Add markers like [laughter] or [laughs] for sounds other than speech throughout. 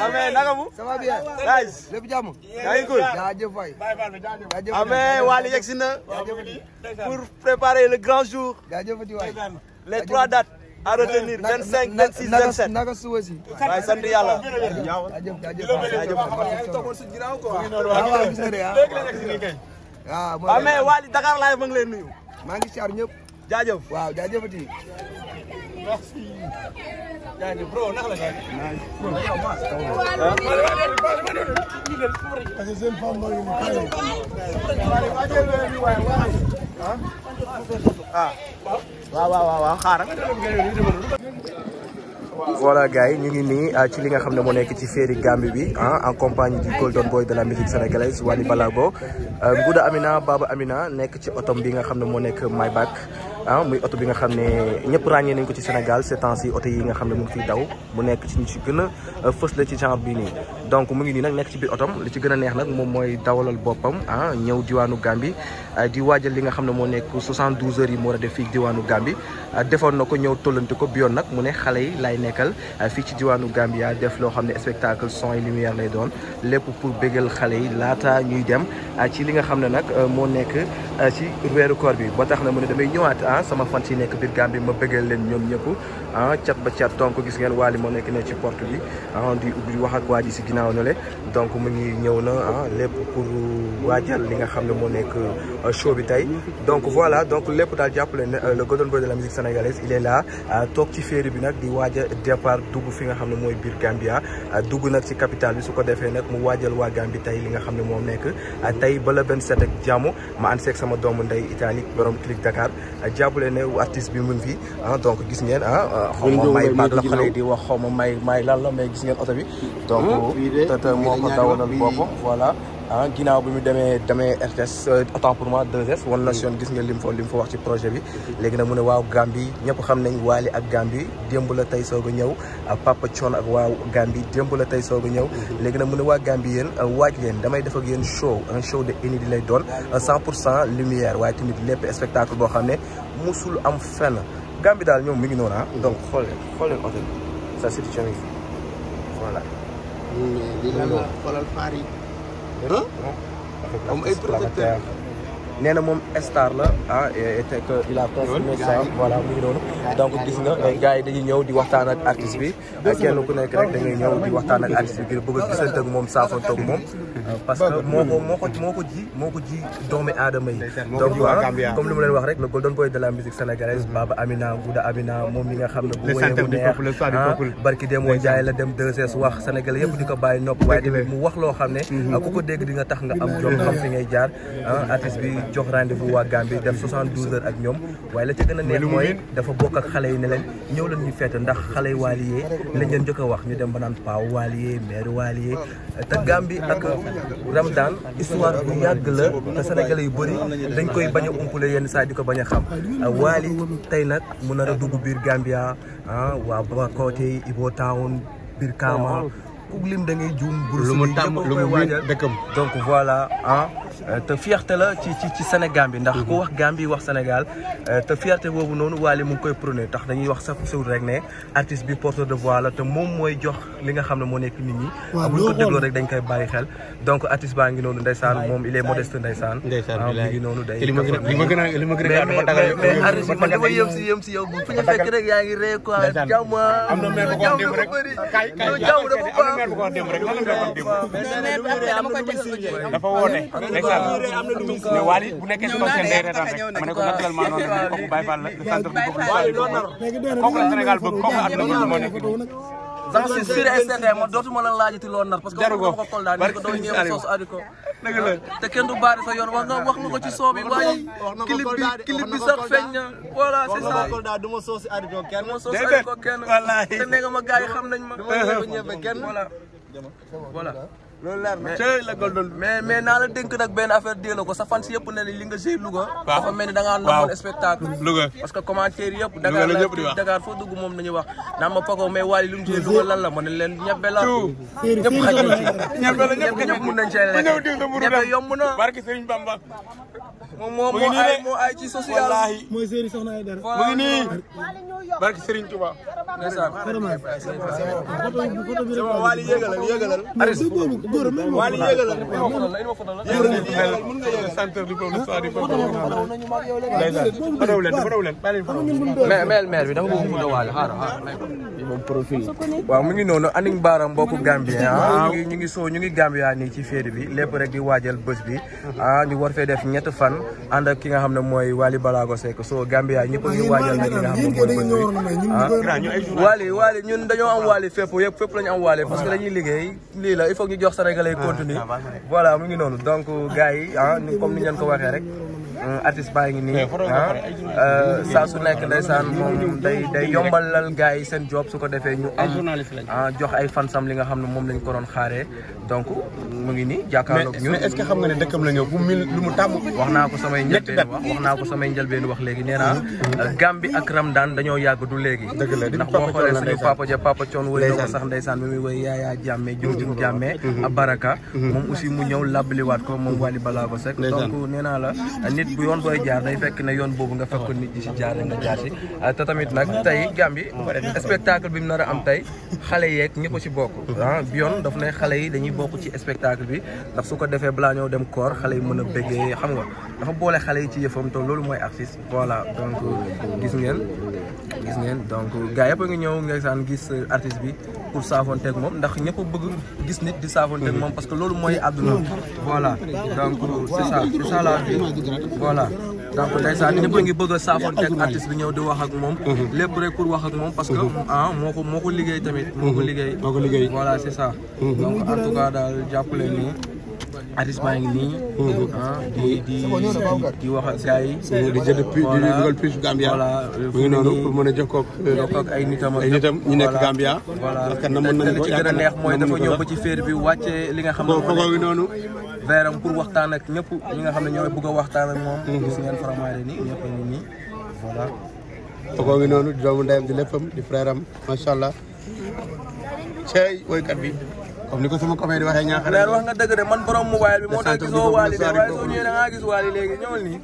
amee naka mu. ça va bien. guys. lépp jàmm. yaa ngi góor. jaajëf waay. jaajëf amee Wally na. pour préparer le grand jour. jaajëf waay. les trois dates. à retenir vingt cinq vingt six vingt sept naka suba si. waaye sant yàlla. jaajëf jaajëf jaajëf waaw waaw ah. ah, mais Wally Dakar Live ma ngi leen nuyu. maa ngi si àar ñëpp. jaajëf waaw jaajëfati. merci. jaajëf bro naka la jaajëf. ah. waaw waaw waaw xaaral. voilà gars yi ñu ngi nii ah, ci li nga xam ne moo nekk ci féeri Gambie bi ah, en compagnie du Golden Boy de la musique sénégalaise Wally Ballago euh, Ngouda Amina Baba Amina nekk ci otom bi nga xam ne moo nekk Maybach ah muy oto bi nga xam ne ñëpp ràññee nañ ko ci Sénégal ces temps-ci oto yi nga xam ne mu ngi fiy daw mu nekk ci ñu ci gën a euh, fës la ci genre bi nii donc mu ngi nii nag nekk ci biir otom li ci gën a neex nag moom mooy dawalal boppam ah ñëw diwaanu Gambie ah, di waajal li nga xam ne moo nekk 72 heures yi mu def fii diwaanu Gambie ah, defoon na ko ñëw tollante yoon nag mu ne xale yi lay nekkal ah, fii ci diwaanu Gambie def loo xam ne spectacle son et lumière lay doon lépp pour bégal xale yi laata ñuy dem ci li xam ne nag moo nekk ci weeru koor bi ba tax na mu ne damay ñëwaat ah sama fan yi nekk biir Gambie ma bégal leen ñoom ñëpp ah cat ba cat donc gis ngeen waa li moo nekk ne ci porte bi di ubbi wax ak si ginnaaw ginnaaw na le donc mu ngi ñëw na ah lépp pour waajal li nga xam ne moo nekk euh, show bi tey donc voilà donc lépp daal jàppale ne euh, la golden boy de la musique sénégalaise il est là euh, toog ci féeri bi nag di waaj a départ dugg fi nga xam ne mooy biir Gambia dugg nag ci capital bi su ko defee nag mu waajal waa Gambie tey li nga xam ne moom nekk tey bala benn set ak jàmm ma ànd seek sama doomu ndey italique borom click Dakar jàppale ne artiste bi mun fi ah, donc gis ngeen ah xaw ma may di wax xaw ma may may lan la mais gis ngeen oto bi hmm? ko dawalal boppam voilà ah ginnaaw bi mu demee demee RTS euh, autant pour moi 2S One Nation gis nga lim fa lim fa wax ci projet bi léegi nag mu ne waaw Gambie ñëpp xam nañ Wally ak Gambie démb la tey soog a ñëw ah, Papa Thione ak waaw Gambie démb la tey soog a ñëw mhm. léegi nag mu ne waa Gambie yéen euh, waaj leen damay def ak yéen show un show de inédit di lay doon euh, pour cent lumière waaye tamit lépp spectacle boo xam ne musul am fenn Gambie daal ñoom mi ngi noonu ah mhm. donc xool leen xool leen hôtel sa situation voilà xoolal xoolal faar yi. am eh, ay protecteur nee na moom star la ah, a confirmé ça voilà mu donc gis nga euh, gars yi dañuy ñëw di waxtaan ak artiste bi euh, kenn ku nekk rek da waxtaan ak moom saafante ak moom euh, parce que moo ko moo ko ko ji moo ko ji doomi aadama yi donc comme li ma leen wax rek le golden boy de musique sénégalaise mm-hmm. Baba Amina Gouda Amina moom mi nga xam ne bu wéyee mu neex ah barki Demba la dem 2S wax sénégalais yëpp di ko bàyyi nopp waaye mu wax loo xam ne mm-hmm. ku ko dégg di nga tax nga am mm-hmm. jom xam fi ngay jaar ah, artiste bi jox rendez-vous waa Gambie def 72 heures ak ñoom waaye la ca gën a neex mooy dafa bokk ak xale yi ne leen ñëw leen ñu feete ndax xale yi waaliyee lañ leen jëkk a wax ñu dem ba naan paaw waaliyee maire waaliyee te Gambie ak Ramadan histoire bu yàgg la te sénégalais yu bëri dañ koy bañ a umpale yenn saa di ko bañ a xam waali tey nag mu nar a biir Gambia ah waa Bakoteh Ibo Town biir Kaama ku lim da ngay juum. lu mu tàmm lu mu dëkkam donc voilà ah. Euh, te fierté la ci ci ci Sénégal bi ndax ku wax bi wax Sénégal euh, te fierté boobu noonu Wally mu ngi koy prôné tax dañuy wax sa suur rek ne artiste bi porteur de voix la te moom mooy jox li nga xam ne moo nekk nit ñi buñ ko dégloo rek dañ koy bàyyi xel donc artiste baa ngi noonu ndeysaan moom il est modeste ndeysaan ah, mi ngi noonu day li ma gën a li ma gën a mais artiste man dama si yëm si yow bu fu ñu fekk rek yaa ngi ree ko ah. am na meer bu ko mais Waly bu nekkee si kaw seen day reetaan rek ma ne ko naturellement noonu la kooku [laughs] Baye Fall la le centre bi kooku kooku la Sénégal bëgg kooku at la bëgg moo nekk nii. sax si sur SDT ma dootuma la laajati loo nar parce que ko ko tol daal ko doo ñëw soosu adiko te kenn du baari sa yoon wax nga wax na ko ci soo bi waaye clip bi clip bi sax feeñ na voilà c'est ça du ma soosi adiko kenn ma soosi adiko kenn te nee nga ma gars yi xam nañ ma voilà loolu leer na cey mais mais naa la dénk nag benn affaire dee la ko sa fans yëpp ne li nga joué Louga. dafa mel ni da ngaa namoon parce que commentaire yëpp. Dakar la ñëpp di wax Dakar foo dugg moom nañu wax. naan ma Paco mais waaye lu mu joué Louga lan la leen ñebe la. ñëpp xaj na ci ñebe la ñëpp ñëpp mën nañ cee góor mi mo yégal bi dafa bëgg mu dawaale xaaral xaaral profil waaw mu ngi noonu Aning Bara mbokku Gambien ah ñu ngi soo ñu ngi Gambia nii ci féeri bi lépp rek di waajal bés bi ah ñu war fee def ñett fan ànd ki nga xam ne mooy Wally Balago Seck soo Gambia ñëpp a ngi waajal nag li nga xam ne mooy bés bi ah. Wally Wally ñun dañoo am Wally fépp yëpp fépp lañu am Wally parce que dañuy liggéey lii il faut ñu jox sénégalais ah, continue voilà mu ngi noonu donc gars yi ah comme ni ngeen ko waxee rek Euh, artiste baa ngi nii ah euh, saa su nekk ndeysaan moom day day yombalal gars yi seen job su ko defee ñu am ah, jox ay fansam li nga xam ne moom lañ ko doon xaaree donc mu ngi nii jàkkaarloog ñun. mais est-ce que xam nga ne dëkkam la ñëw bu mil lu wax naa ko samay njëlbeen wax wax naa ko samay njëlbeen wax léegi nee naa Gambi ak daan dañoo yàgg du léegi. dëgg la ndax boo xoolee suñu papa ja papa Thion wëy na ko sax ndeysaan bi muy wëy Yaya Jammeh Diourdine mm-hmm. Jammeh mm-hmm. Baraka mm-hmm. moom aussi mu ñëw labaliwaat ko moom Wally Ballago Seck donc nee la nit bu yoon booy jaar day fekk ne yoon boobu nga fekkoon nit ñi si jaar nga jaar si ah, te tamit nag tey Gambie spectacle bi mu nar am tey xale yeeg ñi ko si bokk ah, yoon daf ne xale yi dañuy bokk ci spectacle bi ndax su ko defee balaa ñëw dem koor xale yi mën a béggee xam nga dafa boole xale yi ci yëfam te loolu mooy artiste voilà donc gis ngeen gis ngeen donc gaa yëpp a ngi ñëw nga gis artiste bi pour saafoonteeg moom ndax ñëpp bëgg gis nit di saafoonteeg moom parce que loolu mooy àdduna voilà donc c'est ça voilà donc ndeysaan ñëpp a ngi bëgg a saafoonte ak artiste bi ñëw di wax ak moom mhm. lépp rek pour wax ak moom parce que mhm. ah moo ko moo ko liggéey tamit moo mhm. liggéey moo ko liggéey voilà c'est ça donc en tout cas daal jàpp leen nii artiste baa ngi nii. Ah, di di di wax ak gars yi. di jënd pu di dugal puce Gambia. mu ngi noonu pour mën a euh, jokkoo ak ay nitam ak ay nitam ñu nekk Gambia. voilà li ci a neex mooy dafa ñëw ba ci féer bi wàcce li nga xam ne moom ngi noonu. veeram pour waxtaan ak ñëpp ñi nga xam ne ñooy bëgg a waxtaan ak moom. Mhm. gis ngeen Faramareen a ngi nii voilà. kooku ngi noonu di doomu ndeyam di léppam di frère am macha allah. cey woykat bi. comme ni ko sama copain di waxee ñaaxal leer wax nga dëgg man borom mobile bi moo tax gisoo soo ñëwee da ngaa gis waali léegi ñëwal nii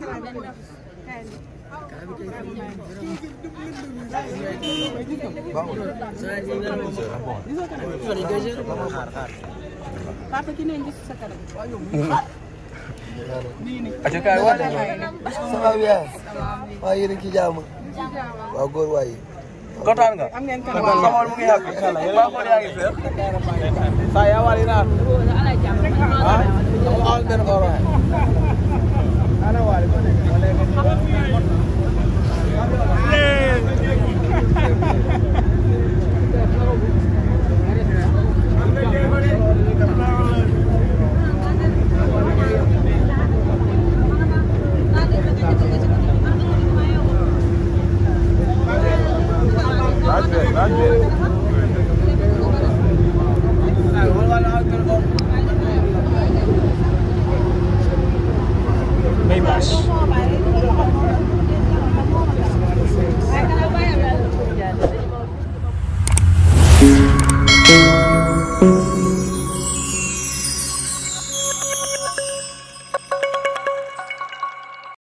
ki sa kanam aca kaay waay waaw yéen a ngi kontaan nga. am ngeen kan waaw sa xol mu ngi happy. maa ngi yaa ngi feer. saa yaa wàll naa. ah amul benn oro. Thank you.